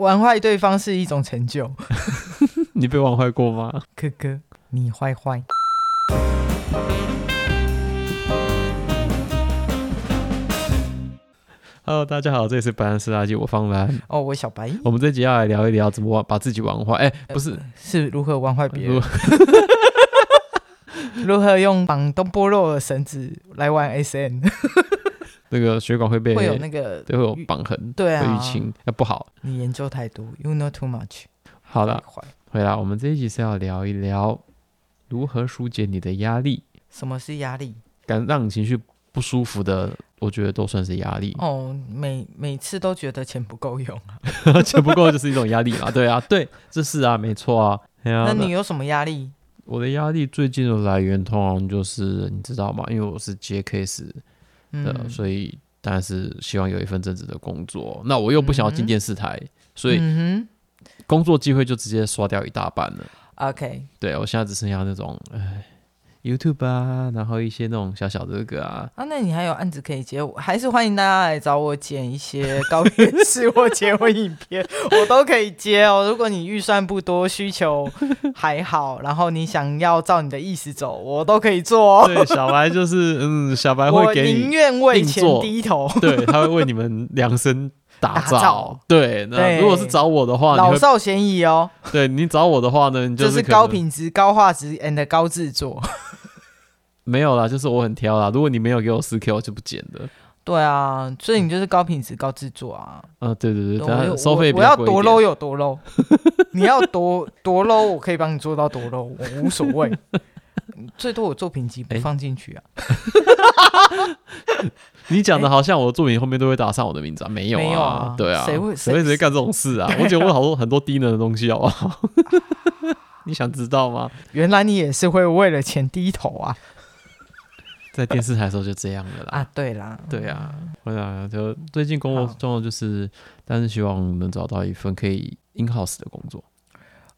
玩壞對方是一種成就。 你被玩壞過嗎？哥哥，你壞壞。Hello，大家好，這裡是白蘭斯垃圾，我方藍。哦、oh，我小白。我們這集要來聊一聊怎麼把自己玩壞？哎、欸，不是、呃，是如何玩壞別人？如何， 如何用綁東坡肉的繩子來玩 SM？ 那、這個血管會被會有那個對會有綁痕，對啊，淤青那不好。你研究太多，you know too much 好。好了，回來，我們這一集是要聊一聊如何疏解你的壓力。什麼是壓力？感讓你情緒不舒服的，我覺得都算是壓力。哦，每每次都覺得錢不夠用啊， 錢不夠就是一種壓力嘛。 對啊，對，這是啊，沒錯啊。那你有什麼壓力？我的壓力最近的來源，通常就是你知道嗎？因為我是接 case 嗯，所以但是希望有一份正職的工作。那我又不想要進電視台，嗯嗯，所以工作機會就直接刷掉一大半了。嗯、OK，對，我現在只剩下那種唉。YouTube 啊，然後一些那種小小的歌啊，啊，那你還有案子可以接我，還是歡迎大家來找我剪一些高顏值或結婚影片。 我都可以接哦、喔。如果你預算不多，需求還好，然後你想要照你的意思走，我都可以做哦、喔。對，小白就是嗯，小白會給你寧願為錢低頭， 對，他會為你們量身打造，打造對，對，那如果是找我的話，老少咸宜哦。對，你找我的話呢，你就，是就是高品質、高畫質 and 高製作。 沒有啦，就是我很挑啦。如果你沒有給我四 K，我就不剪了。對啊，所以你就是高品質、高製作啊。嗯，對對對，收費比較貴一點，我，我要多 low 有多 low， 你要多多 low，我可以幫你做到多 low，我無所謂。 最多我作品集不放進去啊！欸、 你講的好像我的作品後面，都會打上我的名字啊，沒有啊？欸、對啊，誰會誰會誰會幹這種事啊？啊我覺得我好多很多低能的東西，好不好？ 你想知道嗎？原來你也是會為了錢低頭啊！在電視台的時候就這樣的啦。 啊，對啦，對啊，我想就最近工作狀況就是，但是希望能找到一份可以 in house 的工作。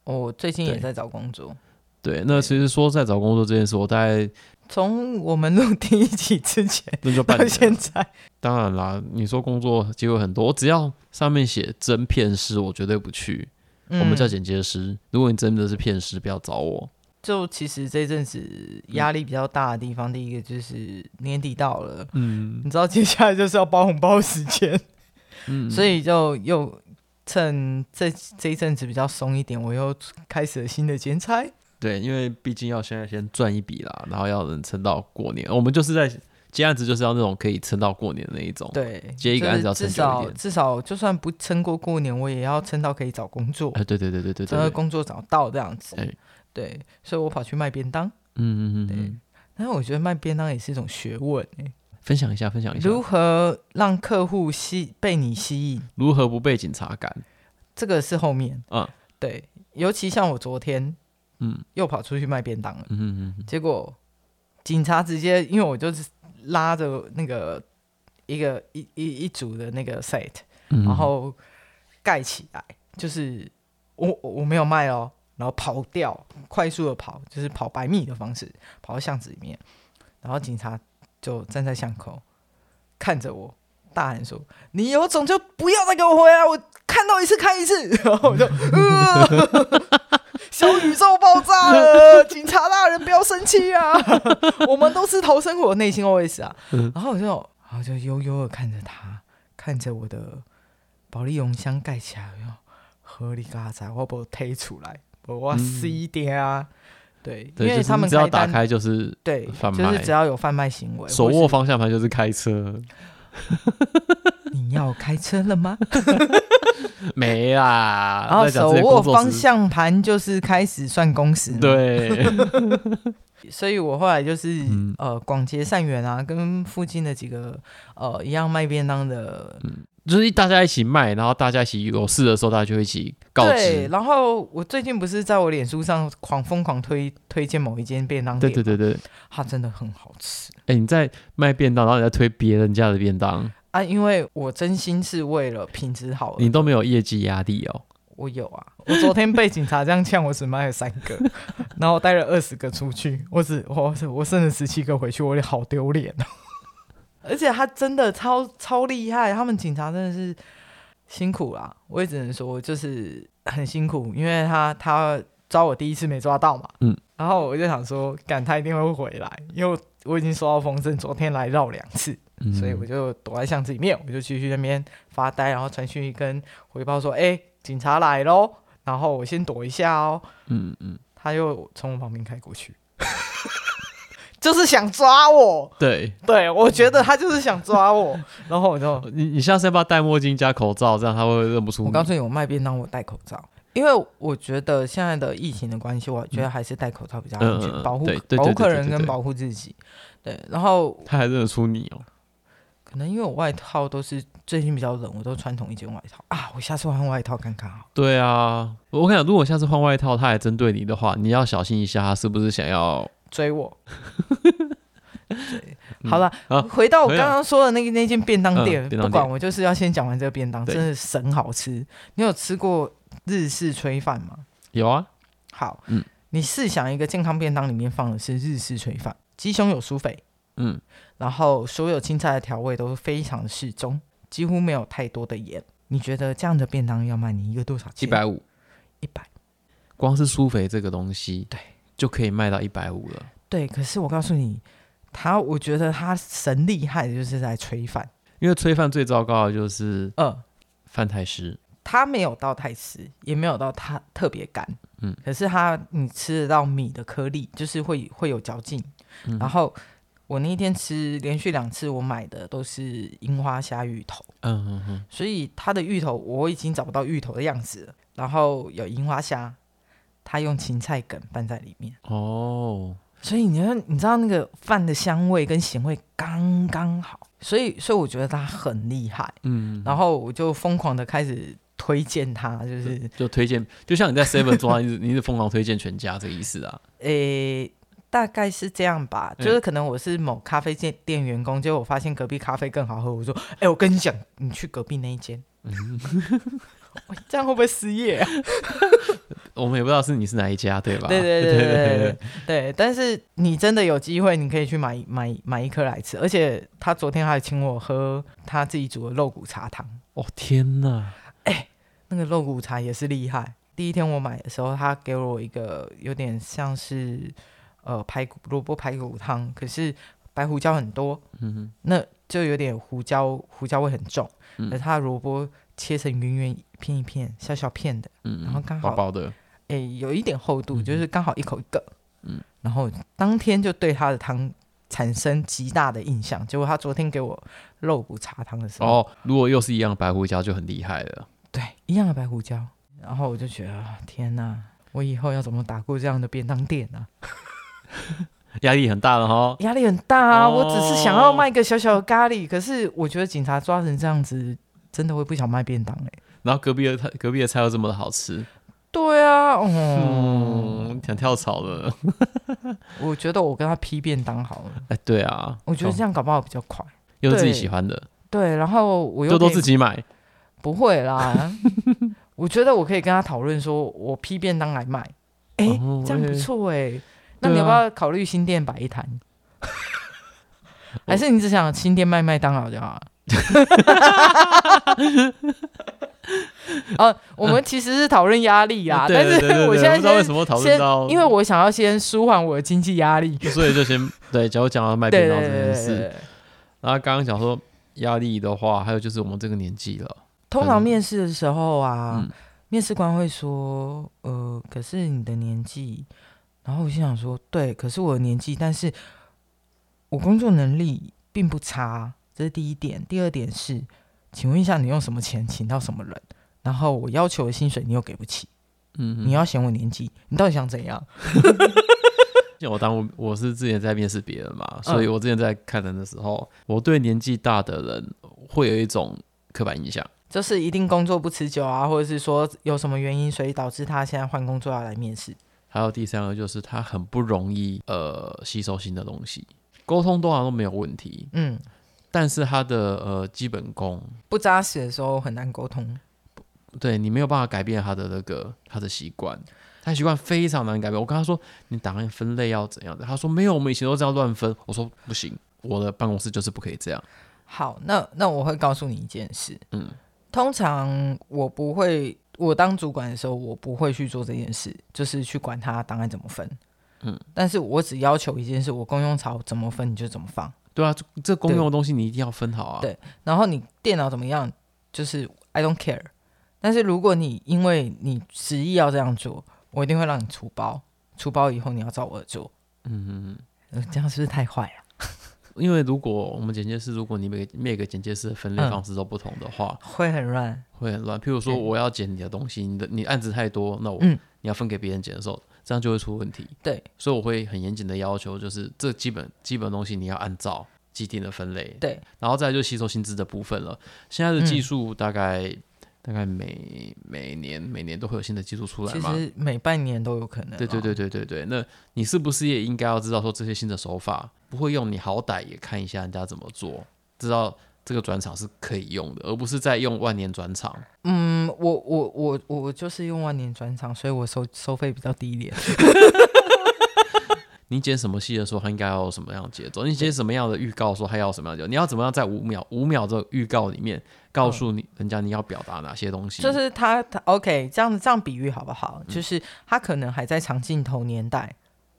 我、哦、最近也在找工作。對，那其實說在找工作這件事，我大概從我們錄第一集之前 到現在， 當然啦，你說工作機會很多，我只要上面寫真騙師，我絕對不去。嗯、我們叫剪接師，如果你真的是騙師，不要找我。就其實這陣子壓力比較大的地方，嗯、第一個就是年底到了，嗯，你知道接下來就是要包紅包時間，嗯， 所以就又趁這這一陣子比較鬆一點，我又開始了新的剪裁。對，因為畢竟要現在先賺一筆啦，然後要能撐到過年。我們就是在接案子，就是要那種可以撐到過年的那一種。對，接一個案子要一點、就是、至少至少就算不撐過過年，我也要撐到可以找工作。呃，對對對對對，對，找到工作找到這樣子、哎。對，所以我跑去賣便當。嗯嗯嗯。對。但是我覺得賣便當也是一種學問、欸、分享一下，分享一下。如何讓客戶吸被你吸引？如何不被警察趕？這個是後面啊、嗯。對，尤其像我昨天。嗯，又跑出去賣便當了。嗯嗯嗯，結果警察直接，因為我就拉着那個一個一一一組的那個 set、嗯、然後蓋起來，就是我我沒有賣哦，然後跑掉，快速的跑，就是跑百米的方式跑到巷子裡面，然後警察就站在巷口看着我，大喊說：“你有種就不要再給我回來，我看到一次開一次。”然後我就， 呃 小宇宙爆炸了！ 警察大人不要生氣啊！ 我們都是討生活，內心 OS 啊、嗯。然後我就然後就悠悠的看着他，看着我的保麗龍箱蓋起來，要合力嘎仔，我把我推出來，我、嗯、我死掉啊對！對，因為他們只要打開就是對，就是只要有販賣行為，手握方向盤就是開車。 你要開車了嗎？ 沒啦。然後手握方向盤就是開始算工時。對。 所以，我後來就是、嗯、呃廣結善緣啊，跟附近的幾個呃一樣賣便當的、嗯，就是大家一起賣，然後大家一起有事的時候大家就一起告知。對。然後我最近不是在我臉書上狂瘋狂推推薦某一間便當店？對，對對對，它真的很好吃。哎、欸，你在賣便當，然後你在推別人家的便當。啊，因為我真心是為了品質好，你都沒有業績壓力哦？我有啊，我昨天被警察這樣嗆，我只賣了三個， 然後我帶了二十個出去，我只我我剩了十七個回去，我也好丟臉。 而且他真的超超厲害，他們警察真的是辛苦啦，我也只能說就是很辛苦，因為他他。抓我第一次沒抓到嘛，嗯，然後我就想說，敢他一定會回來，因為我，我已經收到風聲，昨天來繞兩次，嗯，所以我就躲在巷子裡面，我就繼續在那邊發呆，然後傳訊息跟回報說，哎、欸，警察來嘍，然後我先躲一下哦，嗯嗯，他又從我旁邊開過去，嗯、 就是想抓我，對對，我覺得他就是想抓我，嗯、然後我就你你下次要不要戴墨鏡加口罩，這樣他會認不出。我告訴你，我賣便當我戴口罩。因為我覺得現在的疫情的關係，我覺得還是戴口罩比較安全，嗯、保護保護客人跟保護自己。對，然後他還認得出你哦、喔，可能因為我外套都是最近比較冷，我都穿同一件外套啊。我下次換外套看看。對啊，我感覺如果下次換外套，他還針對你的話，你要小心一下，他是不是想要追我？ 好了、嗯啊，回到我剛剛說的那那間便當店，嗯、便當店，不管我就是要先講完這個便當，真的神好吃，你有吃過？日式炊飯嗎？有啊。好，嗯，你試想一個健康便當裡面放的是日式炊飯，雞胸有舒肥，嗯，然後所有青菜的調味都非常適中，幾乎沒有太多的鹽。你覺得這樣的便當要賣你一個多少錢？一百五，一百。光是舒肥這個東西，對，就可以賣到一百五了。對，可是我告訴你，他我覺得他神厲害的就是在炊飯，因為炊飯最糟糕的就是二飯太濕。嗯他沒有到太濕，也沒有到他特別乾，嗯，可是他你吃得到米的顆粒，就是會會有嚼勁，嗯。然後我那一天吃連續兩次，我買的都是櫻花蝦芋頭，嗯嗯嗯，所以它的芋頭我已經找不到芋頭的樣子了。然後有櫻花蝦，它用芹菜梗拌在裡面。哦，所以你你知道那個飯的香味跟鹹味剛剛好，所以所以我覺得它很厲害，嗯，然後我就瘋狂的開始。推薦他就是，就，就推薦，就像你在 Seven 做啊， 你是你是瘋狂推薦全家這個意思啊？呃、欸，大概是這樣吧。就是可能我是某咖啡店店員工，嗯、結果我發現隔壁咖啡更好喝，我說：“哎、欸，我跟你講，你去隔壁那一間。嗯 欸”這樣會不會失業、啊、 我們也不知道是你是哪一家，對吧？對對對對對對，對，對。對，但是你真的有機會，你可以去買買買一顆來吃。而且他昨天還請我喝他自己煮的肉骨茶湯。哦天吶！那個肉骨茶也是厲害。第一天我買的時候，他給我一個有點像是，呃，排骨蘿蔔排骨湯，可是白胡椒很多，嗯哼，那就有點胡椒胡椒味很重。嗯，而他的蘿蔔切成圓圓片一片小小片的，嗯，然後剛好薄薄的，誒、欸，有一點厚度，嗯、就是剛好一口一個，嗯，然後當天就對他的湯產生極大的印象。結果他昨天給我肉骨茶湯的時候，哦，如果又是一樣白胡椒，就很厲害了。對，一樣的白胡椒，然後我就覺得天哪，我以後要怎麼打過這樣的便當店呢、啊？壓力很大了哈、哦。壓力很大啊！哦、我只是想要賣一個小小的咖喱，可是我覺得警察抓成這樣子，嗯、真的會不想賣便當哎、欸。然後隔壁的菜，隔壁的菜又這麼的好吃。對啊，嗯，想、嗯、跳槽的。 我覺得我跟他批便當好了。哎，對啊，我覺得這樣搞不好比較快，又是自己喜歡的。對，對然後我又多多自己買。不會啦， 我覺得我可以跟他討論，說我批便當來賣，欸、哦哦哦哎，這樣不錯哎、欸啊。那你要不要考慮新店擺一攤，哦？還是你只想新店賣麥當勞就好了？哦、 啊，我們其實是討論壓力啊，對對對對對，但是我現在先先我不知道為什麼討論到？先因為我想要先舒緩我的經濟壓力， 所以就先對。假如講到講到賣便當這件事，那剛剛講說壓力的話，還有就是我們這個年紀了。通常面試的時候啊，嗯、面試官會說：“呃，可是你的年紀。”然後我心想說：“對，可是我的年紀，但是我工作能力並不差，這是第一點。第二點是，請問一下，你用什麼錢請到什麼人？然後我要求的薪水你又給不起，嗯，你要嫌我年紀，你到底想怎樣？”就 我當我我是之前在面試別人嘛，所以我之前在看人的時候，嗯、我對年紀大的人會有一種刻板印象。就是一定工作不持久啊，或者是說有什麼原因，所以導致他現在換工作要來面試。還有第三個就是他很不容易呃吸收新的東西，溝通多少都沒有問題，嗯，但是他的呃基本功不紮實的時候很難溝通。對，你沒有辦法改變他的那個他的習慣，他習慣非常難改變。我跟他說你檔案分類要怎樣的，他說沒有，我們以前都這樣亂分。我說不行，我的辦公室就是不可以這樣。好，那那我會告訴你一件事，嗯。通常我不會，我當主管的時候，我不會去做這件事，就是去管他檔案怎麼分，嗯，但是我只要求一件事：我公用槽怎麼分，你就怎麼放。對啊，這公用的東西你一定要分好啊。對，對，然後你電腦怎麼樣？就是 I don't care。但是如果你因為你執意要這樣做，我一定會讓你出包，出包以後你要照我的做。嗯哼，這樣是不是太壞了？因為如果我們剪接師，如果你每個每個剪接師的分類方式都不同的話，嗯，會很亂，會很亂。譬如說，我要剪你的東西，你的你案子太多，那我、嗯、你要分給別人剪的時候，這樣就會出問題。對，所以我會很嚴謹的要求，就是這基本基本東西你要按照既定的分類。對，然後再來就吸收薪資的部分了。現在的技術大概。大概每每年每年都會有新的技術出來，其實每半年都有可能。對對對對對對，那你是不是也應該要知道說，這些新的手法不會用，你好歹也看一下人家怎麼做，知道這個轉場是可以用的，而不是在用萬年轉場。嗯，我我我我就是用萬年轉場，所以我收收費比較低一點。 你剪什麼戲的時候，他應該要什麼樣的節奏？你剪什麼樣的預告，說他要什麼樣的節奏？你要怎麼樣在五秒、五秒的預告裡面告訴你、嗯、人家你要表達哪些東西？就是他，他 OK，這樣這樣比喻好不好？就是他可能還在長鏡頭年代，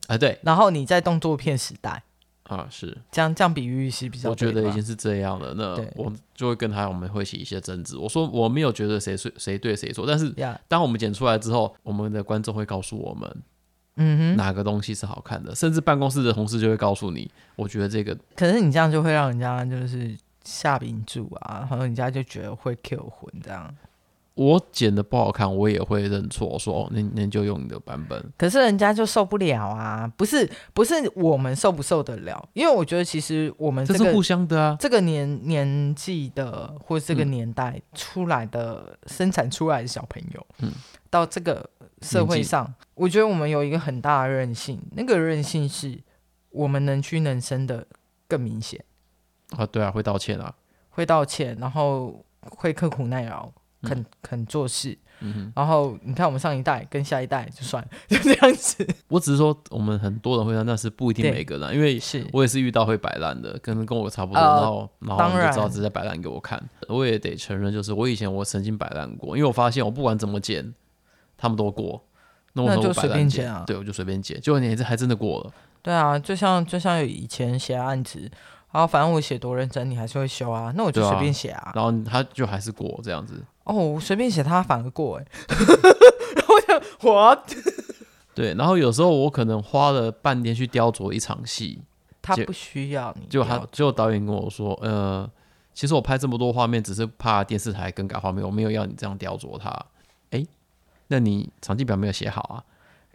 哎、嗯啊，對，然後你在動作片時代啊是，這樣這樣比喻是比較，我覺得已經是這樣了。那我就會跟他我們會起一些爭執。我說我沒有覺得誰誰誰對誰錯，但是當我們剪出來之後，我們的觀眾會告訴我們。嗯哼，哪個東西是好看的？甚至辦公室的同事就會告訴你，我覺得這個……可是你這樣就會讓人家就是下評住啊，然後人家就覺得會 k 魂這樣。我剪得不好看，我也會認錯，說那那就用你的版本。可是人家就受不了啊！不是不是我們受不受得了？因為我覺得其實我們這，個、這是互相的啊。這個年年紀的或這個年代出來的、嗯、生產出來的小朋友，嗯。到這個社會上，我覺得我們有一個很大的韌性，那個韌性是我們能屈能伸的更明顯啊。對啊，會道歉啊，會道歉，然後會刻苦耐勞、嗯，肯肯做事。嗯，然後你看，我們上一代跟下一代就算就這樣子。我只是說，我們很多人會這那，但是不一定每一個人，因為是我也是遇到會擺爛的，跟跟我差不多，呃、然後然後你就知道在擺爛給我看。我也得承認，就是我以前我曾經擺爛過，因為我發現我不管怎麼剪。差不多過了，那我就隨便寫啊。對，我就隨便寫，結果你還是還真的過了。對啊，就像就像有以前寫案子，然後反正我寫多認真，你還是會修啊。那我就隨便寫啊，啊，然後他就還是過這樣子。哦，我隨便寫他反而過哎、欸。然後就我，對。然後有時候我可能花了半天去雕琢一場戲，他不需要你要他。就他，最後導演跟我說：“呃，其實我拍這麼多畫面，只是怕電視台更改畫面，我沒有要你這樣雕琢他。”那你場記表沒有寫好啊。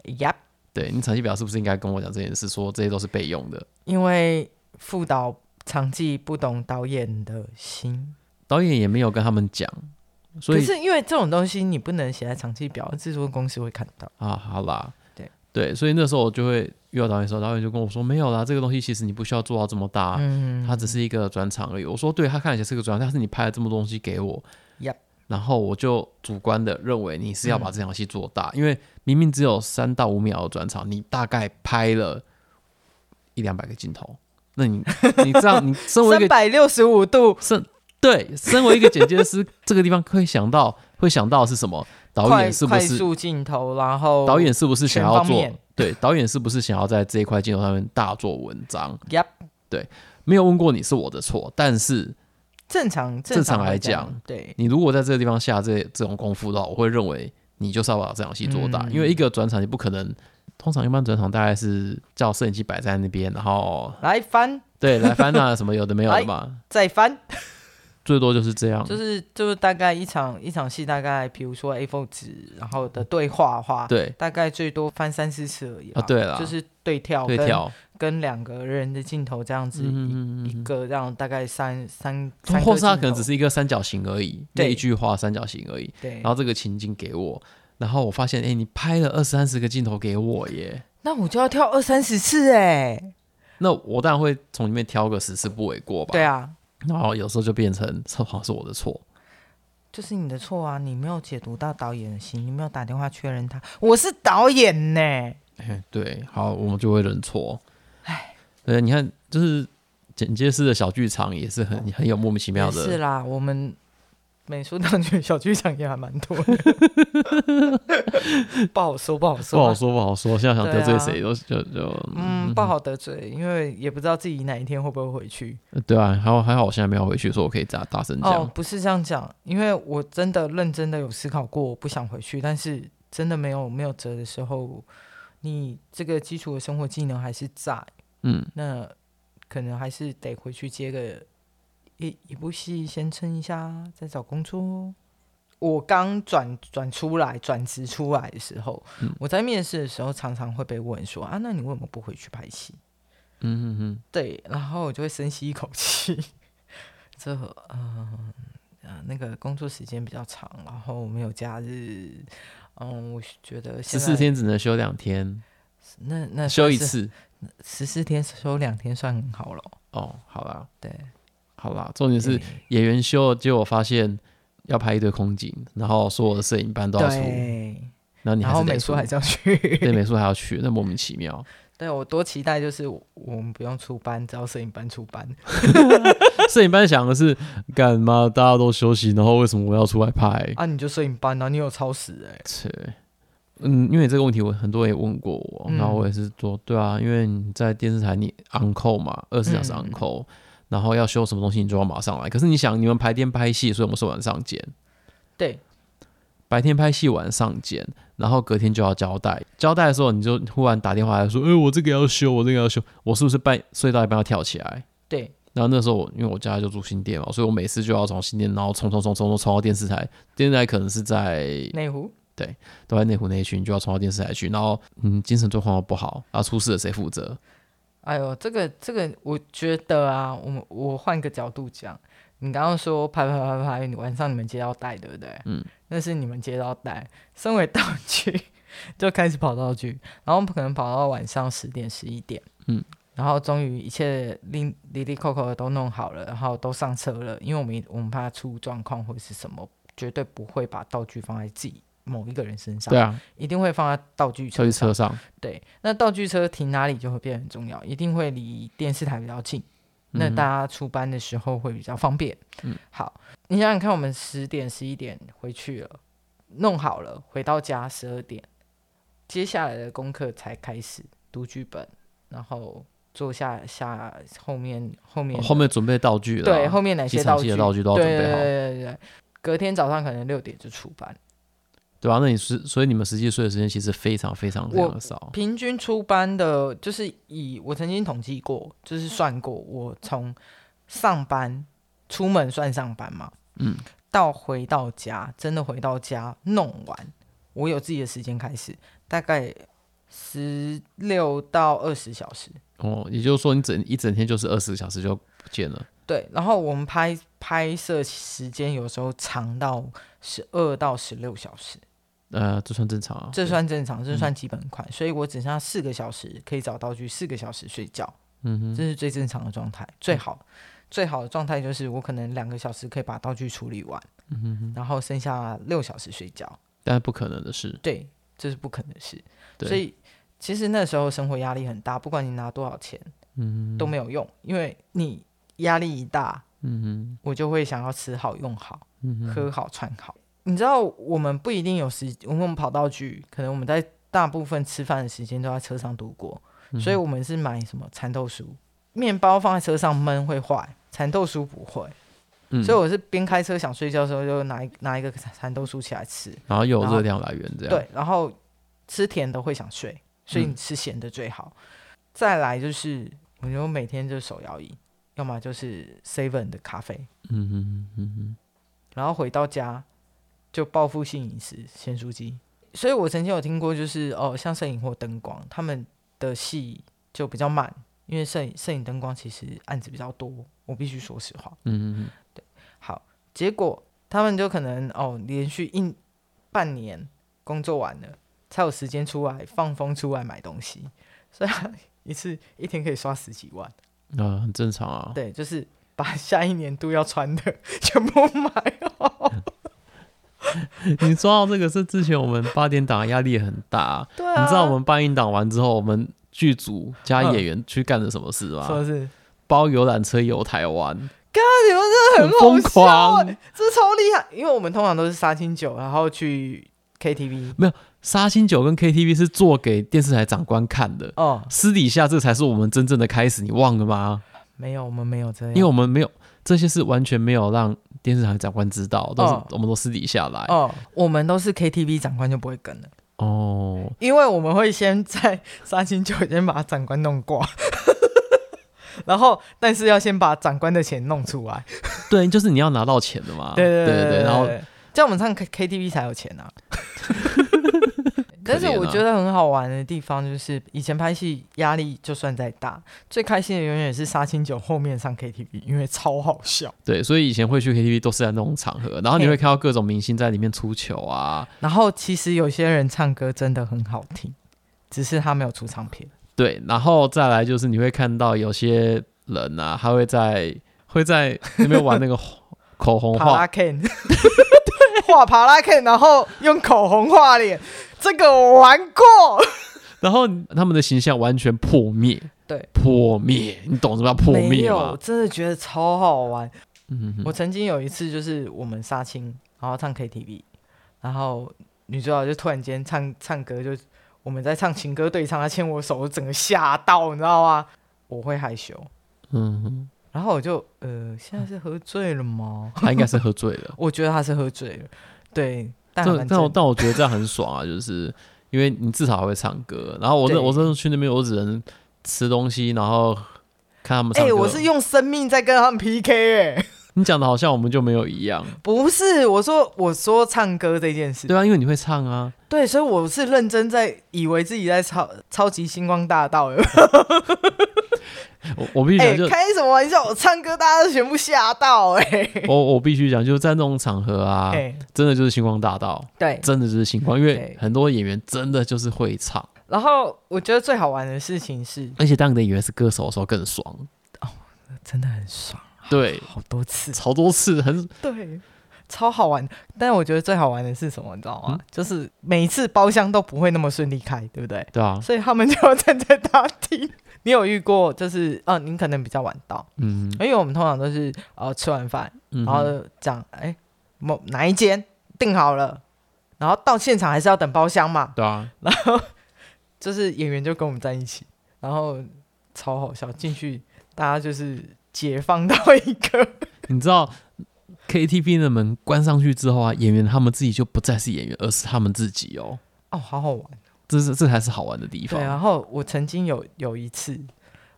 Yep, 對，你場記表是不是應該跟我講這件事說，說這些都是備用的，因為副導場記不懂導演的心，導演也沒有跟他們講，所以可是因為這種東西你不能寫在場記表，製作公司會看到啊。好啦，對對，所以那時候我就會遇到導演的時候，導演就跟我說沒有啦，這個東西其實你不需要做到這麼大，嗯，它只是一個轉場而已。我說，對他看起來是個轉場，但是你拍了這麼多東西給我。然後我就主觀的認為你是要把這場戲做大，嗯，因為明明只有三到五秒的轉場，你大概拍了一兩百個鏡頭，那你你這樣你身為一個三百六十五度， 身，對，身為一個剪接師， 這個地方可以想會想到會想到是什麼？導演是不是鏡頭，然後導演是不是想要做，對，導演是不是想要在這一塊鏡頭上面大做文章？Yep. 對，沒有問過你是我的錯，但是。正常正常來講，對，你如果在這個地方下這這種功夫的話，我會認為你就是要把這場戲做大，嗯，因為一個轉場你不可能，通常一般轉場大概是叫攝影機擺在那邊，然後來翻，對，來翻啊 什麼有的沒有的嘛，再翻，最多就是這樣，就是就是大概一場一場戲大概比如說 A four 紙然後的對話的話，嗯，對，大概最多翻三四次而已啦。啊，對了，就是對跳對跳。跟兩個人的鏡頭這樣子，一個這樣大概三嗯哼嗯哼三，或者可能只是一個三角形而已。對，一句話三角形而已。對，然後這個情景給我，然後我發現，哎、欸，你拍了二三十個鏡頭給我耶，那我就要跳二三十次哎，那我當然會從裡面挑個十次不為過吧、嗯。對啊，然後有時候就變成側房是我的錯，就是你的錯啊，你沒有解讀到導演的心，你沒有打電話確認他，我是導演呢、欸。對，好，我們就會認錯。對、欸，你看，就是剪接式的小劇場也是很、嗯、很有莫名其妙的、欸。是啦，我們美術大學小劇場也還蠻多的， 不好說，不好說，不好說，不好說。現在想得罪誰都就、啊、就，就嗯，嗯，不好得罪，因為也不知道自己哪一天會不會回去。呃、對啊，還好還好，我現在沒有回去，所以我可以大大聲講。哦，不是這樣講，因為我真的認真的有思考過，我不想回去，但是真的沒有沒有轍的時候，你這個基礎的生活技能還是在。嗯，那可能還是得回去接個一一部戲，先撐一下，再找工作，哦。我剛轉轉出來，轉職出來的時候，嗯、我在面試的時候常常會被問說：“啊，那你為什麼不回去拍戲？”嗯哼哼，對。然後我就會深吸一口氣，這…… 嗯，那個工作時間比較長，然後沒有假日。嗯，我覺得十四天只能休兩天，那那休一次。十四天休兩天算好了。哦，好啦，對，好啦。重點是、嗯、演員休，結果發現要拍一堆空景，然後所有的攝影班都要出，對，然後你還是得出，然後美術還要去， 對，美術還要去，那莫名其妙。對我多期待，就是我們不用出班，只要攝影班出班。攝 影班想的是幹嘛？大家都休息，然後為什麼我要出來拍？啊，你就攝影班，然後你有超時哎、欸。嗯，因為這個問題我很多人也問過我，那、嗯、我也是說，對啊，因為你在電視台你 on call 嘛，二十四小時 on call，然後要修什麼東西你就要馬上來。可是你想，你們白天拍戲，所以我們是晚上剪，對，白天拍戲晚上剪，然後隔天就要交代，交代的時候你就忽然打電話來說，哎、欸，我這個要修，我這個要修，我是不是半睡到一半要跳起來？對，然後那時候因為我家就住新店嘛，所以我每次就要從新店，然後衝衝衝衝衝衝到電視台，電視台可能是在內湖。對，都在內湖那一區，你就要衝到電視台去。然後，嗯，精神狀況又不好，然後出事了誰負責？哎呦，這個這個，我覺得啊，我們我換個角度講，你剛剛說拍拍拍拍，晚上你們接到帶，對不對？嗯，那是你們接到帶，身為道具就開始跑道具，然後不可能跑到晚上十點十一點，嗯，然後終於一切零里里扣扣的都弄好了，然後都上車了，因為我們我們怕出狀況或者是什麼，絕對不會把道具放在自己。某一個人身上，對啊，一定會放在道具車上。車,車上，對，那道具車停哪裡就會變得很重要，一定會離電視台比較近、嗯，那大家出班的時候會比較方便。嗯，好，你想想看，我們十點十一點回去了，弄好了，回到家十二點，接下來的功課才開始讀劇本，然後做下下後面後面、哦、後面準備道具了、啊，對，後面哪些道具機機道具都要準備好，對對,對對對，隔天早上可能六點就出班。對吧？那你是所以你們實際睡的時間其實非常非常非常少，平均出班的就是以我曾經統計過，就是算過，我從上班出門算上班嘛，嗯，到回到家真的回到家弄完，我有自己的時間開始，大概十六到二十小時。哦，也就是說你整一整天就是二十個小時就不見了。對，然後我們拍拍攝時間有時候長到十二到十六小時。呃，這算正常啊。這算正常，這算基本款，嗯。所以我只剩下四個小時可以找道具，四個小時睡覺。嗯哼，這是最正常的狀態，嗯，最好，最好的狀態就是我可能兩個小時可以把道具處理完，嗯哼哼，然後剩下六小時睡覺。但不可能的事。對，這是不可能的事。對，所以其實那時候生活壓力很大，不管你拿多少錢，嗯哼，都沒有用，因為你壓力一大，嗯哼，我就會想要吃好、用好、嗯、喝好、穿好。你知道我們不一定有時，我們跑道具，可能我們在大部分吃飯的時間都在車上度過，嗯，所以我們是買什麼蠶豆酥，麵包放在車上悶會壞，蠶豆酥不會，嗯，所以我是邊開車想睡覺的時候，就拿一拿一個蠶豆酥起來吃，然後有熱量來源這樣，對，然後吃甜的會想睡，所以你吃鹹的最好，嗯。再來就是，我覺得我每天就手搖飲，要麼就是 seven 的咖啡嗯哼嗯哼，然後回到家。就報復性飲食，鹹酥雞，所以我曾經有聽過，就是哦，像攝影或燈光，他們的戲就比較慢，因為攝影、攝影燈光其實案子比較多。我必須說實話，嗯嗯嗯，對。好，結果他們就可能哦，連續一半年工作完了，才有時間出來放風，出來買東西，所以、啊、一次一天可以刷十幾萬啊，很正常啊。對，就是把下一年都要穿的全部買好。 你說到這個是之前我們八點檔壓力很大 對、啊，你知道我們八點檔完之後，我們劇組加演員去幹了什麼事嗎？說是包遊覽車遊台灣。哥，你們真的很瘋狂，狂，這超厲害。因為我們通常都是殺青酒，然後去 KTV。沒有，殺青酒跟 KTV 是做給電視台長官看的哦。Oh. 私底下，這才是我們真正的開始，你忘了嗎？沒有，我們沒有這樣，因為我們沒有這些是完全沒有讓。電視台長官知道，都是、oh. 我們都私底下來。哦、oh. oh.，我們都是 KTV 長官就不會跟了。哦、oh.，因為我們會先在殺青酒先把長官弄掛， 然後但是要先把長官的錢弄出來。 對，就是你要拿到錢的嘛。 對，對對對對，然後這樣我們唱 KTV 才有錢啊。但是我覺得很好玩的地方就是，以前拍戲壓力就算再大，最開心的永遠是殺青酒後面上 KTV，因為超好笑。對，所以以前會去 KTV 都是在那種場合，然後你會看到各種明星在裡面出糗啊。然後其實有些人唱歌真的很好聽，只是他沒有出唱片。對，然後再來就是你會看到有些人啊，他會在會在那邊玩那個紅 口紅畫帕拉肯，畫帕拉肯，然後用口紅畫臉。這個我玩過，然後他們的形象完全破滅，對，破滅，你懂什麼叫破滅？沒有，我真的覺得超好玩。嗯，我曾經有一次就是我們殺青，然後唱 KTV，然後女主角就突然間唱唱歌，就我們在唱情歌對唱，她牽我手，我整個嚇到，你知道嗎？我會害羞。嗯，然後我就，呃，現在是喝醉了嗎？他應該是喝醉了， 我覺得他是喝醉了，對。但但我但我覺得這樣很爽啊， 就是因為你至少還會唱歌。然後我我真的去那邊，我只能吃東西，然後看他們唱歌。哎、欸，我是用生命在跟他們 PK 哎、欸！你講的好像我們就沒有一樣。 不是，我說我說唱歌這件事。對啊，因為你會唱啊。對，所以我是認真在以為自己在超超級星光大道 我我必須講、欸，開什麼玩笑？我唱歌大家都全部嚇到哎、欸！我我必須講，就是在那種場合啊、欸，真的就是星光大道，對，真的就是星光、嗯，因為很多演員真的就是會唱。然後我覺得最好玩的事情是，而且當你的演員是歌手的時候更爽哦，真的很爽，對，好多次，超多次很，很對，超好玩。但是我覺得最好玩的是什麼，你知道嗎？嗯、就是每一次包廂都不會那麼順利開，對不對？對啊，所以他們就要站在大廳。你有遇過，就是嗯您、呃、可能比較晚到，嗯，因為我們通常都是呃吃完飯，然後講哎某哪一間訂好了，然後到現場還是要等包廂嘛，對啊，然後就是演員就跟我們在一起，然後超好笑，進去大家就是解放到一個， 你知道 KTV 的門關上去之後啊，演員他們自己就不再是演員，而是他們自己哦，哦，好好玩。這是，這才是好玩的地方。對，然後我曾經有有一次，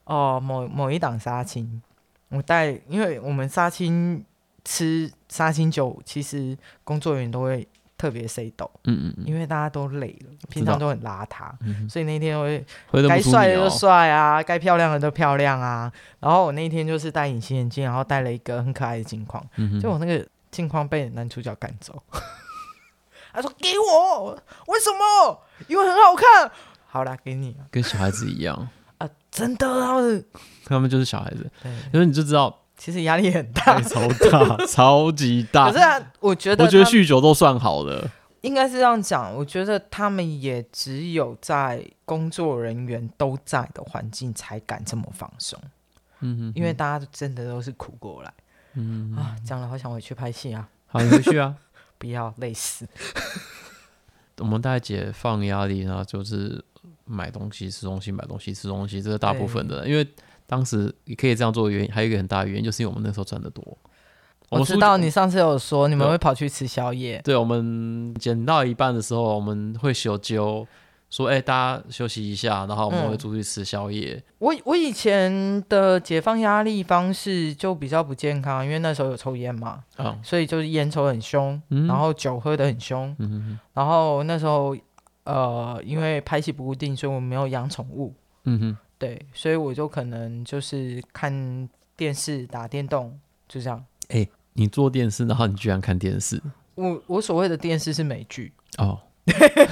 哦、呃，某某一檔殺青，我帶，因為我們殺青吃殺青酒，其實工作人員都會特別 say out, 嗯，嗯嗯，因為大家都累了，平常都很邋遢，所以那天我該帥、嗯、就帥啊，該、哦、漂亮的都漂亮啊。然後我那一天就是戴隱形眼鏡，然後戴了一個很可愛的鏡框、嗯，就我那個鏡框被人男主角趕走。他說：“給我，為什麼？因為很好看。好啦，給你。跟小孩子一樣 啊，真的。他們，他們就是小孩子。因為你就知道，其實壓力很大，欸、超大， 超級大。可是啊，我覺得，我覺得酗酒都算好了。應該是這樣講。我覺得他們也只有在工作人員都在的環境才敢這麼放鬆。嗯哼，哼，因為大家真的都是苦過來。嗯哼啊，講了，好想回去拍戲啊。好，你回去啊。”不要累死！我們大家解放壓力呢，就是買東西、吃東西、買東西、吃東西，這是大部分的。因為當時可以這樣做的原因還有一個很大的原因，就是因為我們那時候賺的多。我知道我你上次有說、哦、你們會跑去吃宵夜，對我們剪到一半的時候，我們會小酒。說哎、欸，大家休息一下，然後我們會出去吃宵夜。嗯、我我以前的解放壓力方式就比較不健康，因為那時候有抽煙嘛，嗯嗯、所以就是煙抽很兇，嗯，然後酒喝得很兇，嗯、哼哼然後那時候呃，因為拍戲不固定，所以我沒有養寵物，嗯哼，對，所以我就可能就是看電視、打電動，就這樣。哎、欸，你做電視，然後你居然看電視？我我所謂的電視是美劇哦。哈哈，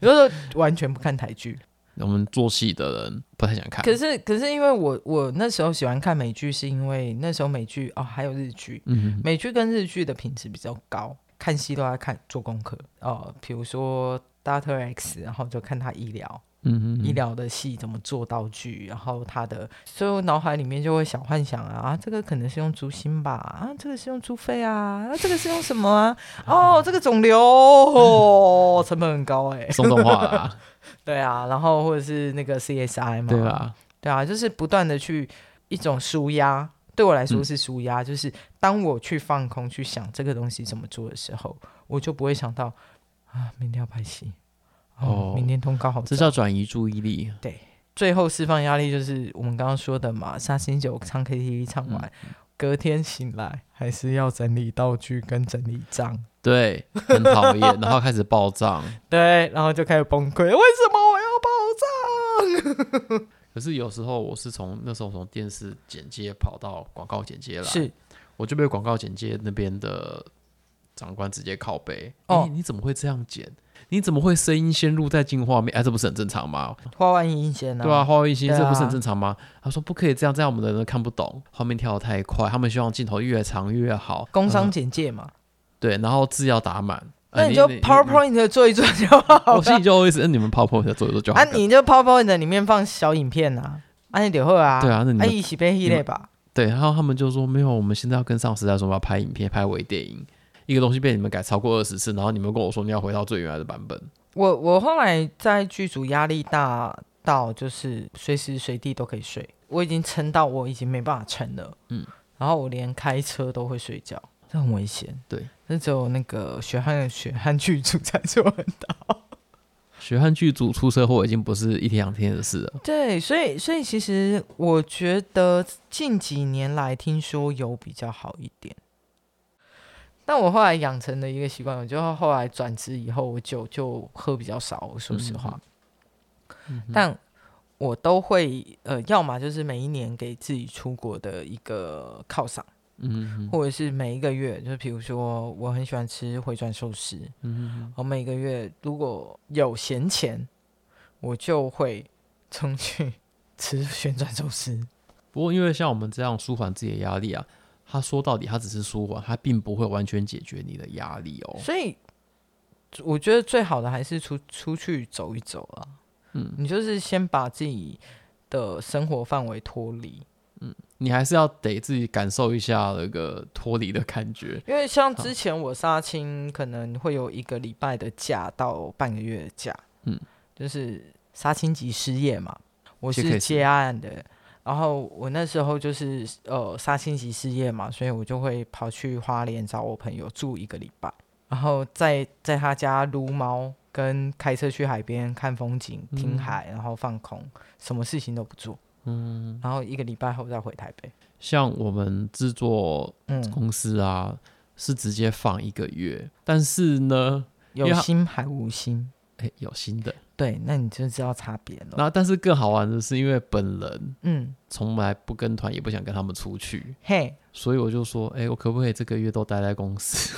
有時候完全不看台劇。我們做戲的人不太想看。可是，可是因為我我那時候喜歡看美劇，是因為那時候美劇哦，還有日劇，嗯，美劇跟日劇的品質比較高，看戲都要看做功課哦。比如說《Doctor X》，然後就看他醫療。嗯，醫療的戲怎麼做道具？然後他的所以我腦海裡面就會想幻想啊，啊，這個可能是用豬心吧，啊，這個是用豬肺啊，那、啊、這個是用什麼啊？啊哦，這個腫瘤，哦， 成本很高哎、欸。中啊 對啊，然後或者是那個 CSI 嘛，對啊，對啊，就是不斷的去一種舒壓，對我來說是舒壓、嗯，就是當我去放空去想這個東西怎麼做的時候，我就不會想到啊，明天要拍戲。嗯、哦，明天通告好，這叫轉移注意力。對，最後釋放壓力就是我們剛剛說的嘛，殺星酒唱 K T V 唱完，嗯，隔天醒來還是要整理道具跟整理賬，對，很討厭，然後開始報帳， 對，然後就開始崩潰，為什麼我要報帳？ 可是有時候我是從那時候從電視剪接跑到廣告剪接了，是，我就被廣告剪接那邊的長官直接靠北，哦，欸，你怎麼會這樣剪？你怎麼會聲音先錄再進畫面？哎，這不是很正常嗎？畫外音先呢、啊？對啊，畫外音先，這不是很正常嗎？他、啊啊、說不可以這樣，這樣我們的人都看不懂，畫面跳得太快，他們希望鏡頭越長越好。工商簡介嘛、呃，對，然後字要打滿，呃、那你就 PowerPoint、呃你你你你你你嗯、做一做就好。 我心裡就叫意思、嗯，你們 PowerPoint 做一做就好。那 啊、你就 PowerPoint 裡面放小影片啊，那你得會啊。對啊，那一起背系列吧。對，然後他們就說沒有，我們現在要跟上時代說，我們要拍影片，拍微電影。一個東西被你們改超過二十次，然後你們跟我說你要回到最原來的版本。我我後來在劇組壓力大到就是隨時隨地都可以睡，我已經撐到我已經沒辦法撐了。嗯，然後我連開車都會睡覺，這很危險。對，那只有那個血汗血汗劇組才做得到。血汗劇組出車禍已經不是一天兩天的事了。對，所以所以其實我覺得近幾年來聽說有比較好一點。但我後來養成的一個習慣，我就後來轉職以後我，我酒就喝比較少說實話，嗯嗯、但我都會呃，要麼就是每一年給自己出國的一個犒賞，嗯，或者是每一個月，就是比如說我很喜歡吃迴轉壽司，嗯，我每個月如果有閒錢，我就會衝去吃旋轉壽司。不過因為像我們這樣舒緩自己的壓力啊，他說到底，他只是舒緩，他並不會完全解決你的壓力哦。所以，我覺得最好的還是出出去走一走啊。嗯，你就是先把自己的生活範圍脫離。嗯，你還是要得自己感受一下那個脫離的感覺。因為像之前我殺青，可能會有一個禮拜的假到半個月的假。嗯，就是殺青即失業嘛。我是接案的。然後我那時候就是呃殺青期事業嘛，所以我就會跑去花蓮找我朋友住一個禮拜，然後在在他家擼貓，跟開車去海邊看風景、嗯、聽海，然後放空，什麼事情都不做。嗯，然後一個禮拜後再回台北。像我們製作公司啊，嗯、是直接放一個月，但是呢，有薪還無薪？欸、有新的對，那你就知道差別了。然、啊、後，但是更好玩的是，因為本人嗯，從來不跟團，也不想跟他們出去。嘿、嗯，所以我就說，哎、欸，我可不可以這個月都待在公司？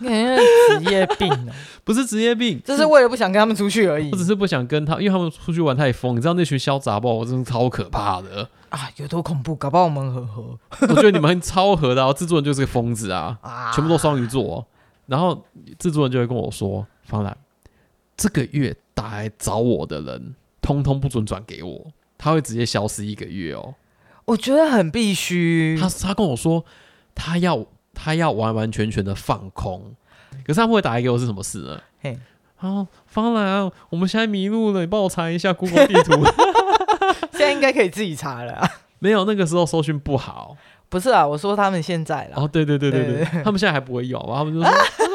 職、 欸、業病啊、喔， 不是職業病，就是為了不想跟他們出去而已。我只是不想跟他，因為他們出去玩太瘋，你知道那群小雜暴我真的超可怕的啊，啊，有多恐怖？搞不好我們和合， 我覺得你們很超合的、啊。然後製作人就是個瘋子啊，啊，全部都雙魚座，然後製作人就會跟我說：“方藍。”這個月打來找我的人，通通不准轉給我，他會直接消失一個月哦。我覺得很必須。他他跟我說，他要他要完完全全的放空。可是他不會打來給我是什麼事呢？嘿，哦方藍、啊，我們現在迷路了，你幫我查一下 Google 地圖。 現在應該可以自己查了、啊。沒有，那個時候搜尋不好。不是啊，我說他們現在了。哦，對對對對對, 對對對，他們現在還不會用啊。他們就說。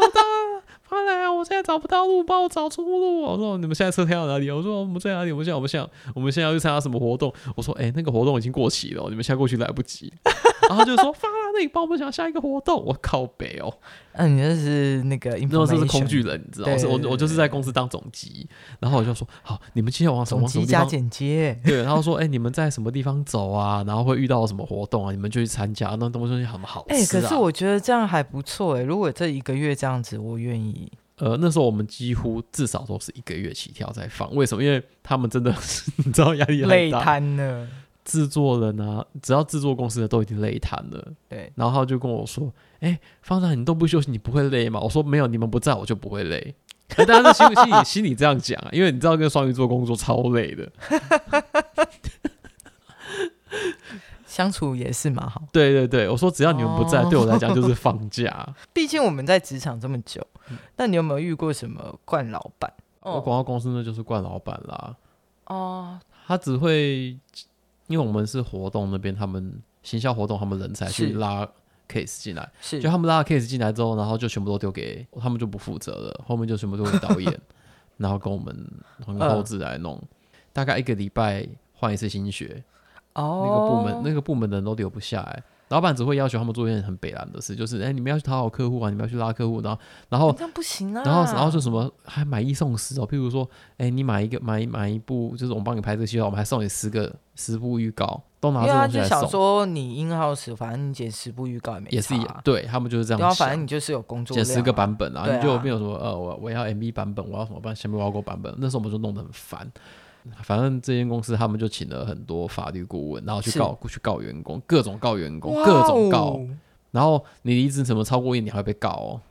我現在找不到路，幫我找出路。我說你們現在車開到哪裡？我說我們在哪裡？我們現在我們我們要去參加什麼活動？我說哎、欸，那個活動已經過期了，你們現在過去來不及。 然後就說發那個，幫我們想下一個活動。我靠北哦、喔，嗯、啊，你就是那個，因為我就是工具人，你知道？我我就是在公司當總機，然後我就說好，你們今天晚上什麼時候加剪接？對，然後說哎、欸，你們在什麼地方走啊？然後會遇到什麼活動啊？你們就去參加，那東西很好、啊。哎、欸，可是我覺得這樣還不錯哎、欸，如果這一個月這樣子，我願意。呃，那時候我們幾乎至少都是一個月起跳在放，為什麼？因為他們真的， 是你知道壓力很大累癱了，制作人啊，只要製作公司的都已經累癱了。對，然後他就跟我說：“哎、欸，方丈，你都不休息，你不會累嗎？”我說：“沒有，你們不在，我就不會累。”大家但是心裡心裡這樣講啊，因為你知道，跟雙魚座工作超累的。 相處也是蠻好，對對對，我說只要你們不在，哦、對我來講就是放假。 畢竟我們在職場這麼久，嗯、那你有沒有遇過什麼慣老闆？我廣告公司呢，就是慣老闆啦。哦，他只會因為我們是活動那邊，他們行銷活動，他們人才去拉 case 進來，是就他們拉了 case 進來之後，然後就全部都丟給他們，就不負責了。後面就全部都給導演， 然後跟我們從後，後置來弄、呃，大概一個禮拜換一次新血。Oh. 那個部門那個部門的人都留不下來，老板只會要求他們做一件很北爛的事，就是哎、欸，你們要去討好客戶啊，你們要去拉客戶，然後然後、啊、然後然後就什麼還買一送十哦，譬如說哎、欸，你買一個買一買一部，就是我們幫你拍這個戲，我們還送你十個、嗯、十部預告都拿出來送，就是想說你 in-house，反正你剪十部預告也沒、啊、也是一樣。對他們就是這樣，然後反正你就是有工作、啊、剪十個版本啊，啊你就沒有什麼呃，我我要 MV 版本，我要什麼辦？不先別要溝版本，那時候我們就弄得很煩。反正這間公司，他們就請了很多法律顧問，然後去告，去告員工，各種告員工，哦、各種告。然後你離職怎麼超過一年還會被告哦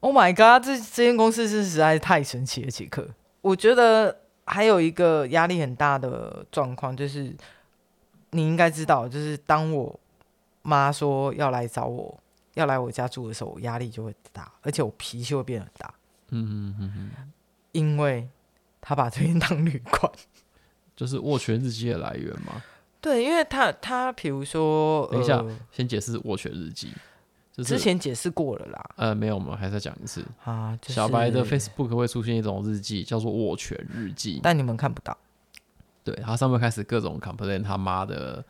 ？Oh my god！這這間公司是實在是太神奇了，傑克。我覺得還有一個壓力很大的狀況，就是你應該知道，就是當我媽說要來找我，要來我家住的時候，我壓力就會大，而且我脾氣會變很大。嗯嗯嗯嗯，因為。他把這邊當旅館，就是握拳日記的來源嗎？ 對，因為他他比如說，等一下，呃、先解釋握拳日記，就是之前解釋過了啦。呃，沒有，我們還是再講一次啊，就是。小白的 Facebook 會出現一種日記，叫做握拳日記，但你們看不到。對，他上面開始各種 complain 他媽的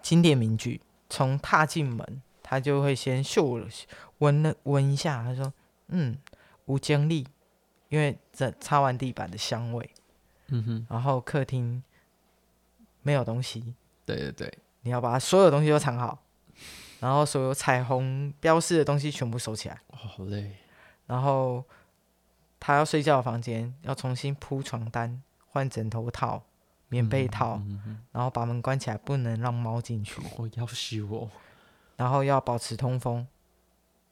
經典名句，從踏進門，他就會先嗅聞了聞一下，他說：“嗯，無精力。”因為這擦完地板的香味，嗯哼，然後客廳沒有東西，對對對，你要把所有東西都藏好，然後所有彩虹標示的東西全部收起來，哦，好累。然後他要睡覺的房間要重新鋪床單、換枕頭套、棉被套，嗯、然後把門關起來，不能讓貓進去。然後要保持通風，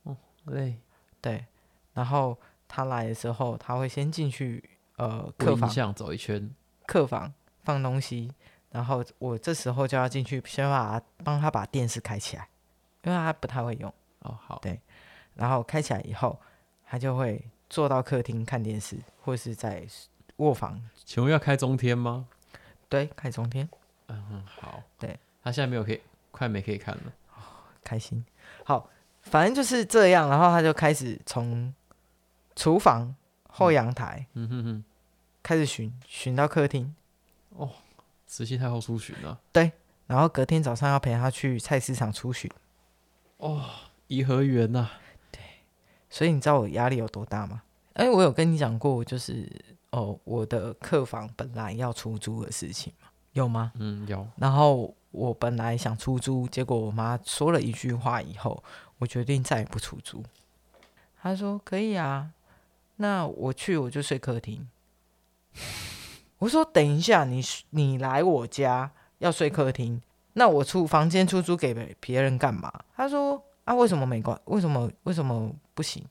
嗯、哦，累。對，然後。他來的時候，他會先進去，呃，客房走一圈，客房放東西，然後我這時候就要進去，先把他幫他把電視開起來，因為他不太會用。哦，好，對，然後開起來以後，他就會坐到客廳看電視，或是在臥房。請問要開中天嗎？對，開中天。嗯嗯，好，對。他現在沒有可以快沒可以看了。哦，開心。好，反正就是這樣，然後他就開始從。廚房後陽台，嗯，嗯哼哼，開始巡，巡到客廳，哦，慈禧太后出巡啊！對，然後隔天早上要陪她去菜市場出巡，哦，頤和園啊，對，所以你知道我壓力有多大嗎？哎，我有跟你講過，就是哦，我的客房本來要出租的事情嗎？有嗎？嗯，有。然後我本來想出租，結果我媽說了一句話以後，我決定再也不出租。她說可以啊。那我去我就睡客廳。 我說等一下你，你你來我家要睡客廳，那我出房間出租給別人幹嘛？他說啊，為什麼沒關？為什麼為什麼不行？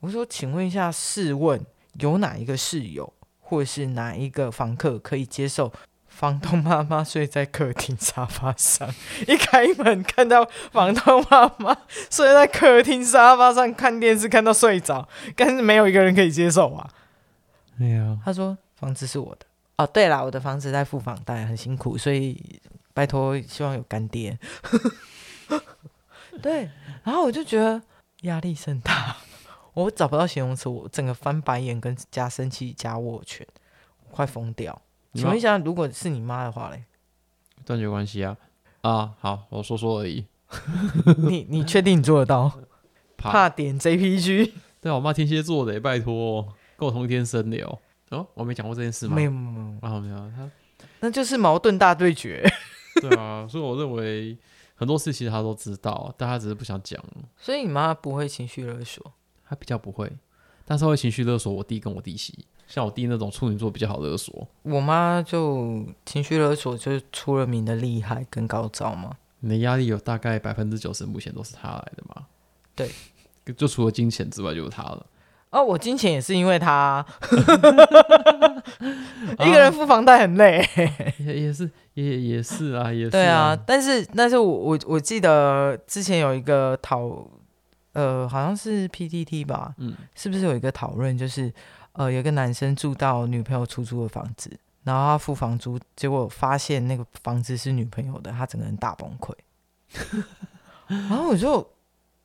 我說，請問一下，試問有哪一個室友或是哪一個房客可以接受？房東媽媽睡在客廳沙發上，一開門看到房東媽媽睡在客廳沙發上看電視，看到睡着，但是沒有一個人可以接受啊！沒有，他說房子是我的。哦，對啦，我的房子在付房貸，很辛苦，所以拜託，希望有乾爹。 對，然後我就覺得壓力甚大，我找不到形容詞，我整個翻白眼，跟加生氣加握拳，我快瘋掉。想問一下有有，如果是你媽的話嘞，斷絕關係啊！啊，好，我說說而已。 你你確定你做得到？ 怕，怕點 JPG？ 對啊，我媽天蠍座的，拜托，跟我同一天生的哦。哦、啊，我沒講過這件事嗎？沒有沒有啊沒有，他、啊、那就是矛盾大對決。 對啊，所以我認為很多事情其實他都知道，但他只是不想講。所以你媽不會情緒勒索？她比較不會，但是會情緒勒索我弟跟我弟媳。像我弟那種處女座比較好勒索，我媽就情緒勒索就出了名的厲害跟高招嘛。你的壓力有大概百分之九十目前都是他來的嘛？對，就除了金錢之外就是他了。哦，我金錢也是因為他、啊 啊、一個人付房貸很累，也也是也也是啊，也是啊對啊。但是但是我我我記得之前有一個討呃好像是 PTT 吧，嗯，是不是有一個討論就是？呃，有一個男生住到女朋友出租的房子，然後他付房租，結果發現那個房子是女朋友的，他整個人大崩潰。 然後我就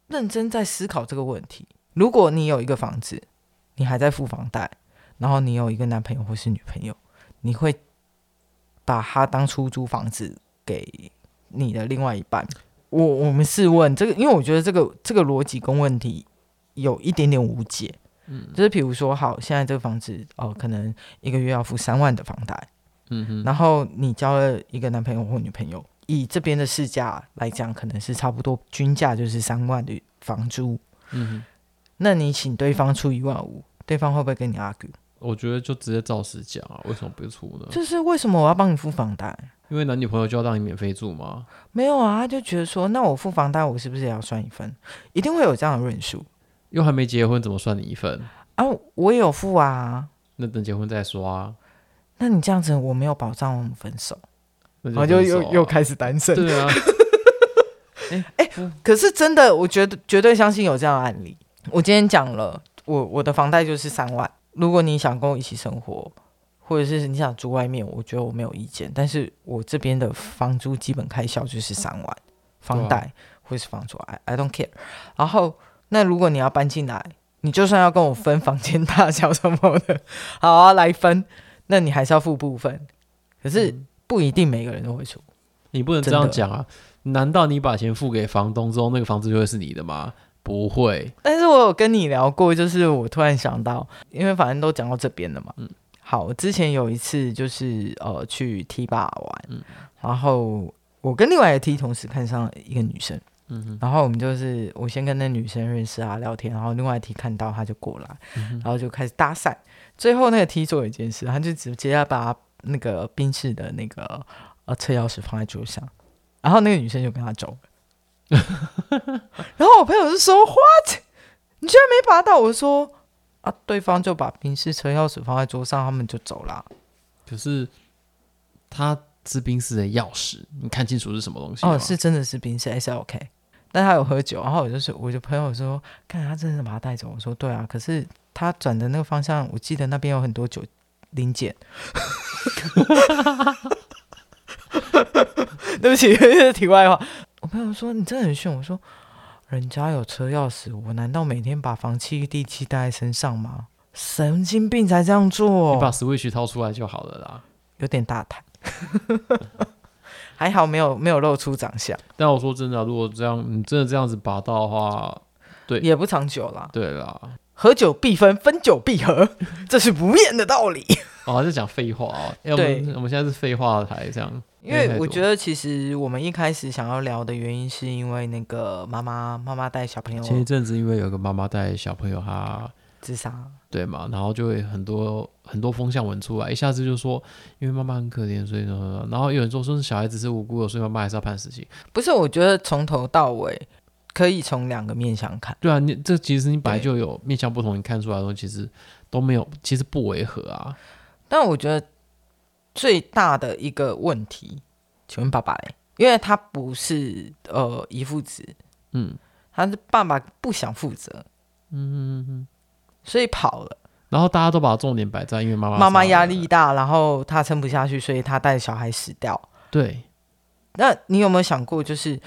認真在思考這個問題：如果你有一個房子，你還在付房貸，然後你有一個男朋友或是女朋友，你會把他當出租房子給你的另外一半？我我們試問這個，因為我覺得這個這個邏輯跟問題有一點點無解。就是比如說，好，現在這個房子哦，可能一個月要付三萬的房貸，嗯哼，然後你交了一個男朋友或女朋友，以這邊的市價來講，可能是差不多均價就是三萬的房租，嗯哼，那你請對方出一萬五，對方會不會跟你 argue？我覺得就直接照實講啊，為什麼不出呢？就是為什麼我要幫你付房貸？因為男女朋友就要讓你免費住嗎？沒有啊，他就覺得說，那我付房貸，我是不是也要算一份？一定會有這樣的論述。又還沒結婚，怎麼算你一份啊？我也有付啊。那等結婚再說啊。那你這樣子，我沒有保障，我們分手。那分手啊、然後就又又,又開始單身。對啊。 欸嗯、可是真的，我絕絕對相信有這樣的案例。我今天講了，我我的房貸就是三萬。如果你想跟我一起生活，或者是你想住外面，我覺得我沒有意見。但是我這邊的房租基本開銷就是三萬，房貸或是房租，I、啊、I don't care。然後。那如果你要搬進來，你就算要跟我分房間大小什麼的，好啊，來分。那你還是要付部分，可是不一定每個人都會出。你不能這樣講啊！難道你把錢付給房東之後，那個房子就會是你的嗎？不會。但是我有跟你聊過，就是我突然想到，因為反正都講到這邊了嘛。嗯。好，我之前有一次就是呃去 T 吧玩，嗯，然後我跟另外一個 T 同時看上了一個女生。然後我們就是我先跟那女生認識啊聊天，然後另外一 T 看到他就過來，然後就開始搭訕。最後那個 T 做一件事，他就直接把那個賓士的那個呃、啊、車鑰匙放在桌上，然後那個女生就跟他走了。 然後我朋友就說：“What？你居然沒拔到？”我說：“啊，對方就把賓士車鑰匙放在桌上，他們就走了。”可是他是賓士的鑰匙，你看清楚是什麼東西？哦，是真的是賓士 S L K。但他有喝酒，然後我就是我就朋友說，看他真的是把他帶走。我說，對啊，可是他轉的那個方向，我記得那邊有很多酒臨檢。啊、 對不起，這是題外話。 我朋友說，你真的很炫，我說人家有車鑰匙，我難道每天把房契、地契帶在身上嗎？神經病才這樣做！你把 switch 掏出來就好了啦，有點大膽。 還好沒有沒有露出長相，但我說真的啊，如果這樣你真的這樣子拔刀的話，對也不長久了。對啦，合久必分，分久必合， 這是不變的道理。還是講廢話啊？因為我們現在是廢話台這樣。因為我覺得其實我們一開始想要聊的原因，是因為那個媽媽媽媽帶小朋友。前一陣子因為有個媽媽帶小朋友她……自殺對嘛？然後就會很多很多風向文出來，一下子就說，因為媽媽很可憐，所以然後有人說說是小孩子是無辜的，所以媽媽還是要判死刑。不是，我覺得從頭到尾可以從兩個面向看。對啊，你這其實你本來就有面向不同，你看出來的時候，其實都沒有，其實不違和啊。但我覺得最大的一個問題，請問爸爸嘞、欸？因為他不是呃遺腹子，嗯，他是爸爸不想負責，嗯嗯嗯。所以跑了，然後大家都把重點擺在因為媽媽媽媽壓力大，然後她撐不下去，所以她帶小孩死掉。對，那你有沒有想過，就是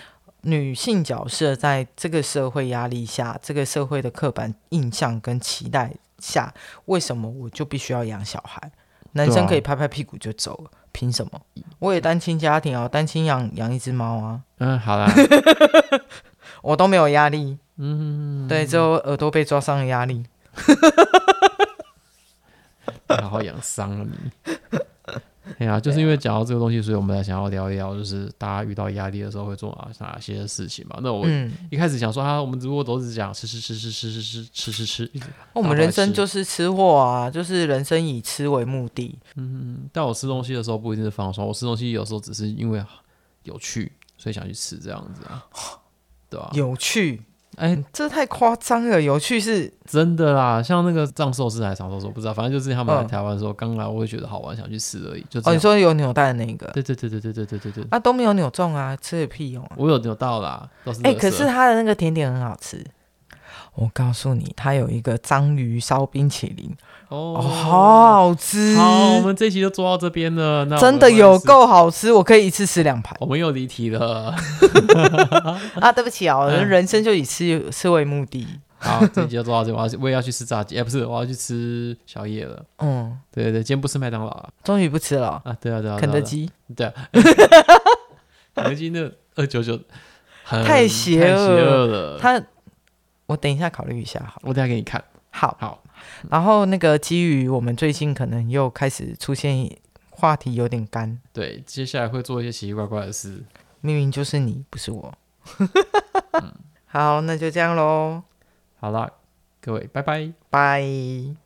女性角色在這個社會壓力下，這個社會的刻板印象跟期待下，為什麼我就必須要養小孩？男生可以拍拍屁股就走了，啊、憑什麼？我也單親家庭哦，啊，單親養養一隻貓啊，嗯，好啦， 我都沒有壓力，嗯，對，就耳朵被抓傷的壓力。哈哈哈哈哈！好好養傷了你。哎呀、啊，就是因為講到這個東西，所以我們才想要聊一聊，就是大家遇到壓力的時候會做哪些事情嘛。那我一開始想說，哈、嗯啊，我們只不過都是講吃吃吃吃吃吃吃吃吃、哦、吃。我們人生就是吃貨啊，就是人生以吃為目的。嗯，但我吃東西的時候不一定是放鬆，我吃東西有時候只是因為有趣，所以想去吃這樣子啊。對啊，有趣。哎、欸，這太誇張了！有趣是真的啦，像那個藏壽司還是長壽司，不知道，反正就是他們來台灣的時候，剛、嗯、來我會覺得好玩，想去吃而已。就、哦、你說有扭蛋的那個，對對對對對對對對，對，對，啊都沒有扭中啊，吃有屁用！啊。我有扭到啦都是。哎、欸，可是他的那個甜點很好吃。我告訴你，它有一個章魚燒冰淇淋，哦、oh，oh, 好好吃！好，我們這期就做到這邊了那。真的有夠好吃，我可以一次吃兩盤。我們又離題了 啊！對不起啊、哦，人人生就以吃吃為目的。 好，這期就做到這。我要我也要去吃炸雞。哎、欸，不是，我要去吃宵夜了。嗯，對對對，今天不吃麥當勞了，終於不吃了、哦、啊！對啊對啊，對啊肯，肯德基對，肯德基那二九九，太邪惡了，他。我等一下考慮一下哈，我等一下給你看好好，嗯。然後那個基於我們最近可能又開始出現話題有點乾，對，接下來會做一些奇奇怪怪的事。明明就是你，不是我。 嗯、好，那就這樣嘍。好了，各位，拜拜，拜。